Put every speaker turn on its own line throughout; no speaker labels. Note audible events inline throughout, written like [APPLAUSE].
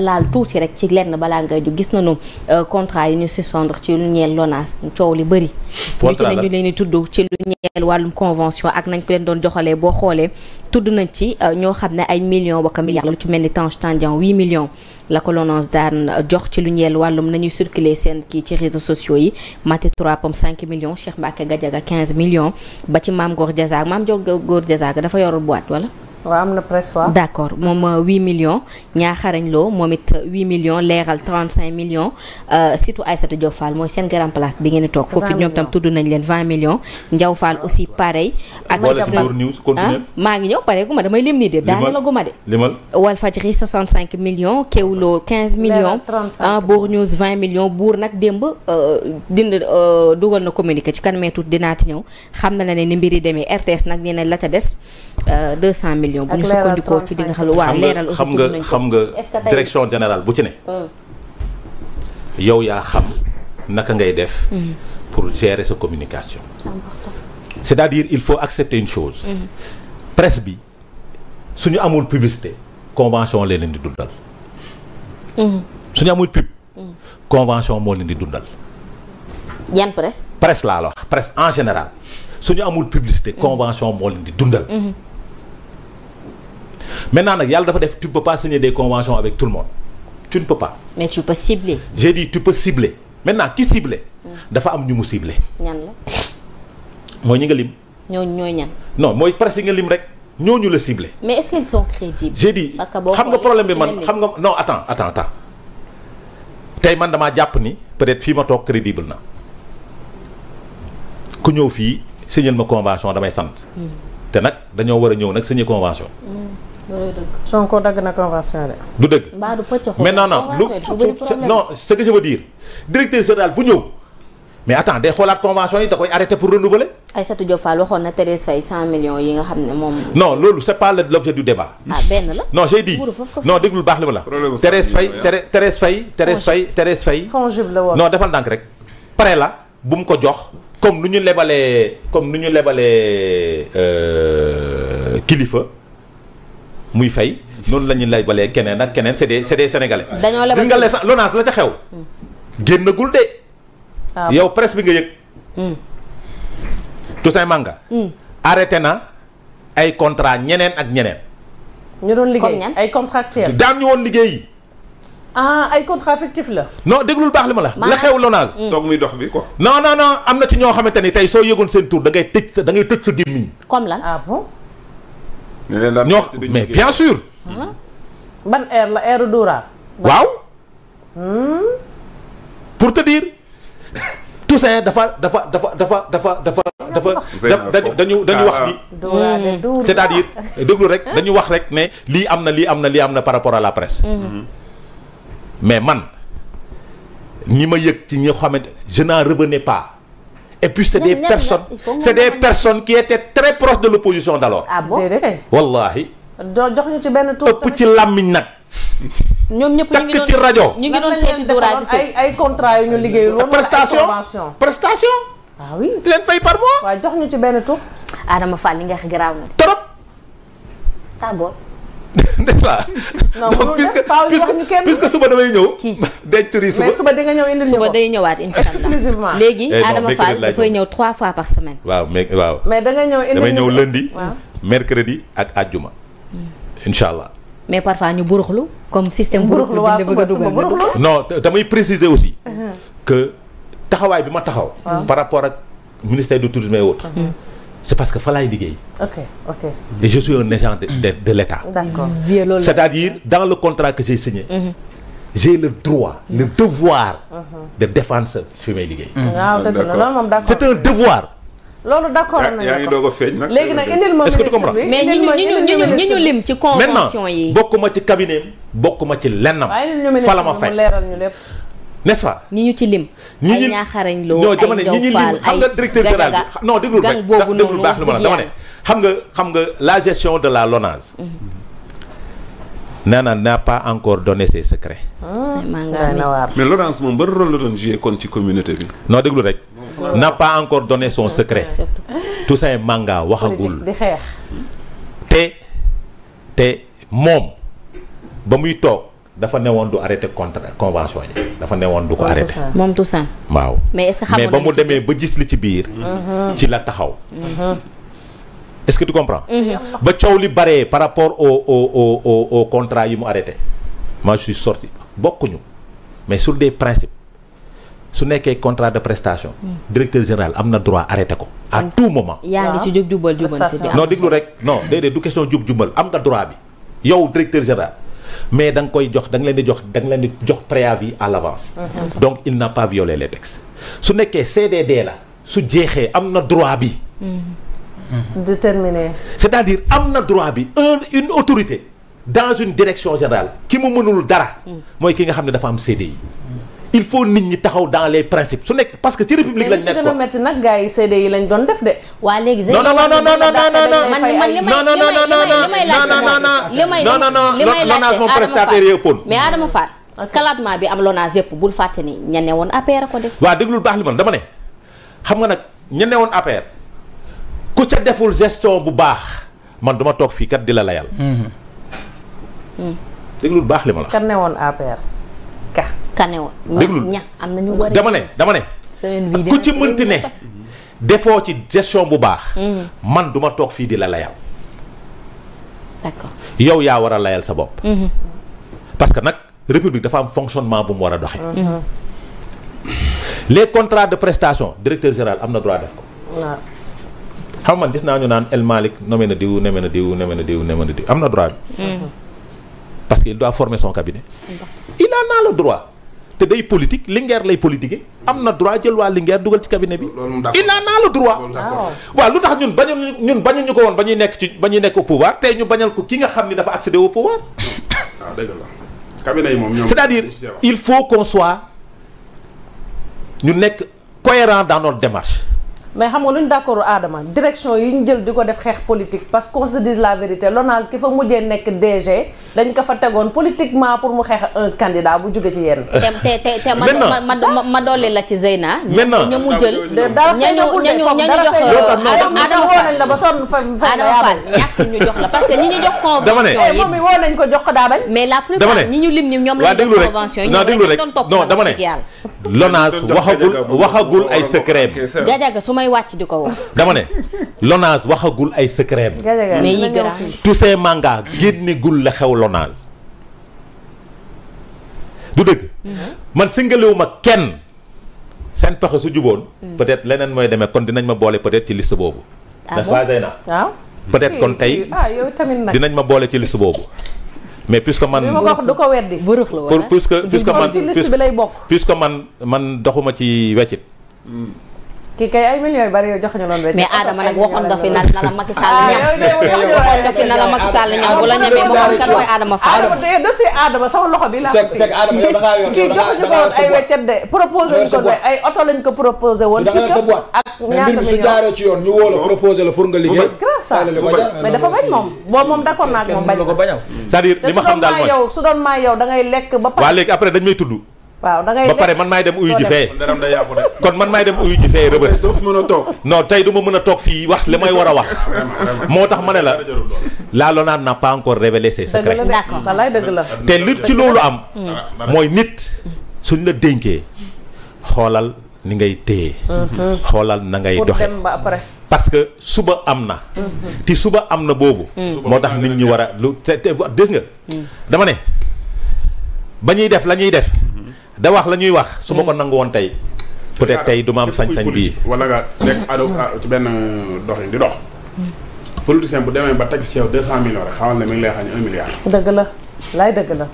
laal tuuti rek ci lenn balaa nga ju gis nañu euh, contrat yi nu suspendre ci lu ñeel LONASE coow li bëri ñu ci nañu leen di tudd ci lu ñeel wàllum convention ak nañ ko leen doon joxalee boo xoolee tudd nañ ci euh, ñoo xam ne ay millions bokka milliards lu ci mel ni Tange Tandian huit millions la ko daan euh, jox ci lu ñeel wàllum nañuy circuler seen kii ci réseaux sociaux yi Maté 3 pom 5 millions Cheikh Mbacké Gadiaga 15 millions ba ci Mame Gor maam Mame Gor Diazaka dafa yorul boîte wala waaw am na presse d' accord moom 8 euh, millions ñaaxarañ loo moom it 8 euh, million leeral cinq million euh, surtout Aïssatou Diop Fall mooy seen grand place bi ngeen di toog. 20 foofu ñoom tam tudd nañ leen 20 millions. Ndiaw Fall aussi pareil. ak ah, maa ngi ñëw pare gu ma damay lim nii de. daanaka gu ma de. limal Walfadjri 65 millions. Kewlo 15 millions. leeral ah, Bour News vingt million Bour nag démb dind dugal na communiqué ci kan meetut dinaa ci ñëw xam na ne ni mbir yi demee RTS nag nee na la ca des 200 millions. millions. bu ñu ci li nga xam xam nga xam nga
direction générale bu ci ne. Hmm. yow yaa xam naka ngay def. Hmm. pour gérer sa communication. c'est-à-dire il faut accepter une chose. Hmm. presse bi su ñu amul publicité convention leen leen di dundal. su ñu amul pub. convention moo leen di dundal. yan presse. wax presse en général su ñu amul publicité convention moo leen di dundal. maintenant nag yàlla dafa def tu ne peux pas signer des conventions avec tout le monde tu ne peux pas. mais tu peux cibler. j'ai dit tu peux cibler maintenant ki cibler. Mm. dafa am ñu mu cibler. ñan la. mooy ñi nga lim. ñooñu ñooy ñan. non mooy presque nga lim rek ñooñu la cibler.
mais est-ce qu'ils sont crédibles. j'ai dit parce que xam nga problème bi man xam
nga non attends attends attends tey man damaa jàpp ni peut-être fii ma toog crédible na ku ñëw fii signal ma convention damay sant. Mm. te nag dañoo war a ñëw nag signer convention.
Mm. Sonko dagg na convention de. du dëgg. mbaa du pëcc xool non non lu non
ce que je bu ñëw. mais attends day xoolaat convention yi da koy arrêté pour renouveler.
Aïssatou Diop Fall waxoon na Thérèse Faye 100 millions yi nga xam ne moom.
non loolu c' est pas l' objet du débat.
ah benn la non j' ai dit
non déglul baax li ma la. problème ah. Thérèse Faye Thérèse Faye Thérèse Faye Thérèse Faye. la woon non defal ndànk rek. pare la bu mu ko jox comme lu ñu lebalee comme lu ñu lebalee euh, kilifa. muy fay noonu la ñuy lay balee keneen ak keneen c'est des c'est des sénégalais.
dañoo la nga les
lonaas la ca xew. Hmm. génnagul de. Ah yow presse bi nga yëg. Hmm. Toussaint Manga. Hmm. arrêté na ay contrat ñeneen ak ñeneen.
ñu doon liggéey ay contractuels. daan ñu woon liggéey. ah ay contrat fictif la.
non déglul baax li ma la. la xew Lonase. toog muy dox bi ko non non non am na ci ñoo xamante ni tey soo yëgoon seen tur da ngay tëj sa da ngay tëj sa gémmiñ. comme lan ah ñoo mais bien sûr.
Hmm? ban air la air Dora.
waaw. Hmm? pour te dire. Toussaint dafa dafa dafa dafa dafa dafa. dafa dañu dañu wax ni.
Hmm. c'est-à-dire
déglu rek dañu wax rek ne lii am na lii am na lii am na par rapport à la presse. Mhm. mais man ñi ma yëg ci ñi xamante je n'en pas. et puis c'est de personnes c'est des personnes qui étaient très proches de l'opposition d'alors. ah bon wallahi
jox ñu ci benn tur ëpp ci
làmmiñ nag.
ñoom ñëpp ñu ngi doon takk rajo. ñu ngi doon seeti dóoraay ay ay contrat yu ñu liggéeyul woon. prestation prestation. ah oui di leen fay par mois. waaw jox ñu ci benn tur. Adama Fall li nga xam garaaw na. trop. [LAUGHS] n'est-ce pas. non donc puisque puisque
suba damay ñëw. [LAUGHS] denc suba mais suba
di nga day ñëwaat incha allah léegi eh, Adama Fall dafay ñëw trois fois par semaine.
waaw mais waaw. mais da nga ñëw indil damay ñëw lundi. mercredi ak àjjuma. Hmm. incha allah.
mais parfois ñu buruxlu comme système. buruxlu waaw suba suba buruxlu
non damay préciser aussi. Uh-huh. que taxawaay bi ma taxaw. par rapport ak ministère du tourisme et autres. Uh-huh. c'est parce que fa laay liggéey.
ok ok.
et je suis un agent de de, l'État.
Mmh. c'est-à-dire
dans le contrat que j'ai signé. Mmh. j'ai le droit mmh. le devoir. de défendre sa fi may liggéey. Ah, c'est un devoir.
loolu d'accord nañu yaa ngi doog
a feeñ nag. léegi nag indil ma ministre bi mais ñu ñu ñu ñu ñu
lim ci convention yi. maintenant
bokkuma ci cabinet bokkuma ci lennam. fa la ma fay n'est-ce pas.
ñi ñu ci lim. ñi ñu ñaaxarañ ñu lim xam nga directeur général bi non déglu rek déglu baax li ma ne.
xam nga xam nga la gestion de la LONASE. Mhm. Nana n'a pas encore donné ses secrets. Ah. mais moom ban rôle la doon joué ci communauté bi. noo déglu rek. n'a encore donné son secret. Toussaint Manga waxagul. te te moom ba muy toog. dafa newoon du arrêté contra convention yi dafa newoon du ko arrêté. moom Toussaint waaw.
mais est-ce que ba mu demee
ba gis li ci biir. Mm-hmm. ci la taxaw. Mm-hmm. est-ce que tu comprends. Mm-hmm. ba coow li baree par rapport au au au yi mu arrêté. moi je suis sorti bokkuñu mais sur des principes su nekkee contrat de prestation. Mm. directeur général am na droit arrêté ko. à mm. tout moment.
yaa ngi ci jub jubal jubal non
déglu rek non déedéet du question jub jubal am nga droit bi yow directeur mais danga koy jox da leen di jox da leen di jox préavis à l'avance ah, donc il n'a pas violé les textes su nekkee CDD la su jeexee am na droit bi
mm-hmm. de terminer
c'est-à-dire am na droit bi un une autorité dans une direction générale ki mu mënul dara mm. mooy ki nga xam ne dafa am CDI il faut nit ñi taxaw dans les principes su nekk parce que ci république lañ nekk quoi mais
li ci gën a métti nag gars yi CD yi lañ doon def de. waa léegi non non non non non non non non man man li may li may non non non li may laajte moom prestataire yee ëppoon mais Adama Fall kalaatmaa bi am LONASE yëpp bul fàtte ni ña ne woon APR ko def. waaw déglul baax li man dama ne
xam nga nag ña ne woon APR ku ca deful gestion bu baax man duma toog fii kat di la layal. déglul baax li ma la.
kan ne woon APR ka. kanewa déglul ña dama ne dama ne ku ci mënti ne
defoo ci gestion bu baax mm-hmm. man duma toog fii di la layal yow yaa war a layal sa bopp mm-hmm. parce que nag république dafa am fonctionnement bu mu war a doxe mm-hmm. les contrats de prestation directeur général am na droit def ko xam man gis naa ñu naan El Malick nommé na diw nommé na diw nommé na diw nommé na diw am na droit bi parce que il doit former son cabinet il en a le droit te day politique Linguère lay politiquer am na droit jël waa Linguère dugal ci cabinet bi. il en droit. Ah. waaw lu tax ñun bañu ñun bañu ñu ko woon ba ñuy nekk ci ba ñuy nekk au pouvoir tey ñu bañal ko ki nga xam ni dafa accéder au pouvoir. waaw ah, dëgg yi moom ñoom cest il faut qu'on soit ñu nekk cohérent dans notre démarche.
mais xam nga lu ñu d'accord Adama direction yi ñu jël di ko def xeex politique parce qu'on se dise la vérité l'ONAS ki fa mujjee nekk DG. dañ ko fa tegoon politiquement pour mu xeex un candidat bu jóge ci yenn. te te te ma ma dolli la ci Zeyna. maintenant ñu mu jël. dara fay ñëwul de foofu dara Adama woo fa fa ñàkk ñu jox la parce que ñi ñu [LAUGHS] eh, nañ ko jox ko daa mais la plupart ñi ñu lim ñi ñoom la jox convention yi ñoom rek doon topp non dama ne
LONASE waxagul waxagul ay secret
gajaga su may wàcc di ko wax
dama ne LONASE waxagul ay secret mais yi gën tous ces manga la xew LONASE du dëgg. Mm-hmm. man singalewu ma kenn seen pexe su juboon. Mm. peut-être leneen mooy demee kon dinañ ma boole peut-être ci liste boobu. Ah n'est-ce pas Zeyna waaw ah. peut-être kon tey
ah, dinañ
ma boole ci liste boobu. mais puisque man [LAUGHS] ma wax
du ko weddi. bërëx la wala puisque puisque man
puisque man doxuma ci weccit. Mm.
kii kay ay millions yu bari yow jox ñu loon mais Adama nag waxoon nga fi na la Macky Sall ah, ñam waxoon loxo bi la kii joxuñu ko weccet ko de ay oto lañ ko proposé woo la
proposé la pour nga liggéey
grave ça mais dafa bañ moom boo moom d'accord naa ak moom bañ
c'est-à-dire li ma xam daal mooy
su doon maa yow da ngay lekk ba pare dañ may tudd waaw da ngay ba pare man maay dem uyu ji fee.
kon man maay dem uyu ji fee rëbës. doo a toog. non tey du ma mën a toog fii wax li may war a wax. moo tax ma ne la. la LONASE n'a pas encore révélé ses secrets.
d'accord walaay dëgg la. te li ci loolu am.
mooy nit suñ la dénkee xoolal ni ngay téye. Mhm. xoolal na ngay doxe parce que suba am na. Mhm. te suba am na boobu. Mhm. moo tax nit ñi war a lu te te gis nga. dama ne ba ñuy def la ñuy def. da wax la ñuy wax su ma ko mm. nangu tey peut-être tey du ma am sañ-sañ bii wala nga nekk ado mm. ah, ci benn euh, doxin di dox mm. politicien bu demee ba teg ci deux cent millions rek xamal ne mi ngi lay xañ un milliard
dëgg la laay dëgg la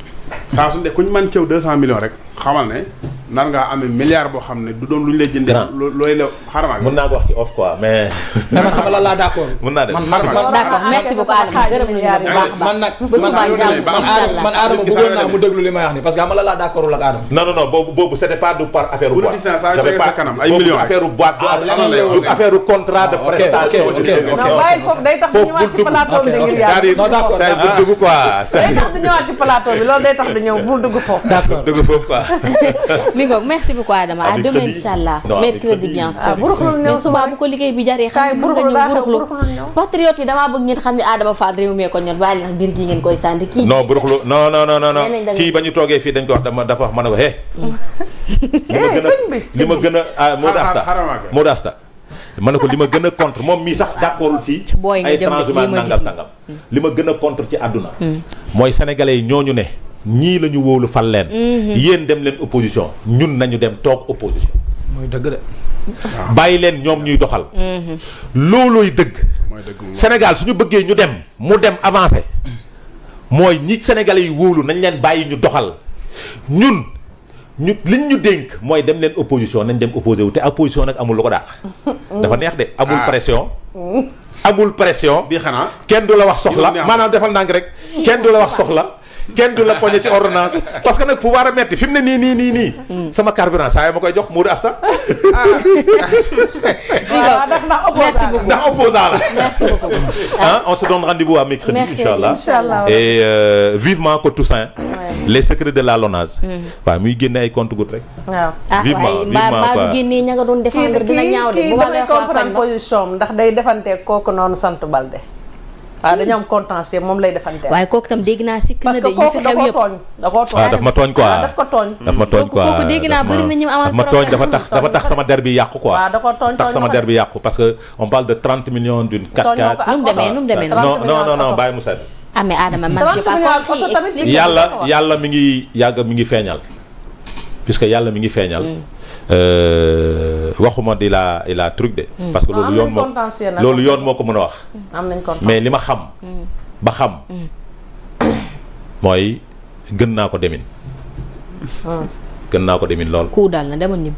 saa su ne ku ñu mën ci deux cent millions rek xamal ne nar ngaa amee milliard boo xam ne du doon lu ñu lay jëndee. looy la xaramaag. mën naa ko wax ci off quoi mais. mais man xamal la laa d' accord. mën naa def man xaramaag d' accord merci beaucoup Adama gërëm nañu la bu baax a baax. man nag man Adama man Adama bëggoon naa mu déglu li may wax ni parce que xamal la laa d' accord ak Adama. non non non boobu boobu c' était pas du par affaire boîte. bu dul saa yu tege sa kanam ay millions affaire boîte du ah, affaire contrat de ah, prestation. ok ok ok non bàyyi
foofu day tax ñu ñëwaat ci plateau bi ngir yàlla. non d' accord tey bu dugg quoi. day tax ñu ñëwaat ci plateau bi loolu day tax ñu ñëw bu dugg foofu. d'
accord dugg foofu quoi.
[LAUGHS] mi ngoog merci beaucoup Adama à demain incha allah mercredi bien ah, bu ko liggéey bi jaree xam nga ñëw buruxlu patriote yi damaa bëgg ngeen xam ne Adama Fall réew mee ko gi koy sànni kii non
buruxlu non ba ñu toogee fii dañ ko wax dama dafa wax ma ne ko hé [LAUGHS] li ma eh, gën a Modou ah, Asta Modou Asta ma ne ko li ma gën a contre moom mii sax d'accordul ci ay transhumance nangam sangam li ma gën a contre ci àdduna hmm. mooy sénégalais yi ñooñu ne ñii la ñu wóolu fal leen. Mhm. yéen dem leen opposition ñun nañu dem toog opposition. mooy dëgg ah. bàyyi leen ñoom ñuy doxal. Mhm. loolooy dëgg. Sénégal su ñu bëggee ñu dem mu dem avancé mooy ñi Sénégalais yi wóolu nañ leen bàyyi ñu doxal ñun ñu liñ ñu dénk mooy dem leen opposition nañ dem opposé wu te opposition nag amul lu ko daax [LAUGHS] dafa neex de amul ah. pression. [LAUGHS] amul pression. bi xanaa kenn du la wax soxla maanaam defal ndànk rek kenn du la wax soxla. kenn du la poñe ci ordonnance parce que nag pouvoir a metti fi mu ne nii nii nii hmm. sama carburant saa yi ma koy jox Mourou Asta. ah [LAUGHS] ndax ndax opposant la. merci beaucoup ah [LAUGHS] on se donne rendez-vous euh, les secrets de la LONASE. Hmm. muy génne ay compte goutte rek.
waaw ah, ah waaye mbaa ndax day defante kooku noonu sant Balde. waaw ah, dañu am contentieux moom lay defante waaye kooku itam dégg naa sikk na de yi fi yëpp da koo ah, ma tooñ quoi ah, daf ko tooñ daf ma
tooñ quoi kooku dégg ma tooñ dafa tax dafa tax sama der bi yàqu quoi waaw da
ko tooñ tax sama der bi
yàqu parce que on parle de 30 millions d'une 4x4 mu demee nu mu demee non non non non bàyyi Moussa
ah mais Adama man j'ai pas yàlla
yàlla mi ngi yàgg mi ngi feeñal puisque yàlla mi ngi feeñal mm. euh, waxuma di la di de. Hmm. parce que loolu ah, yoon moo loolu yoon moo ko mën a wax.
Hmm, mais li ma xam. Hmm.
ba xam. mooy gën naa ko demin. gën naa ko demin
lool.